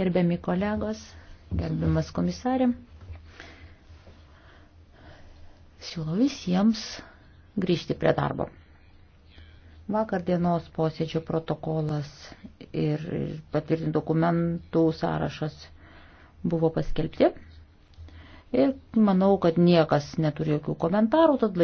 Gerbiami kolegos, gerbiamas komisarė, siūlau visiems grįžti prie darbo. Vakar dienos posėdžio protokolas ir patvirtintų dokumentų sąrašas buvo paskelbti. Ir manau, kad niekas neturi jokių komentarų, tad laikyti.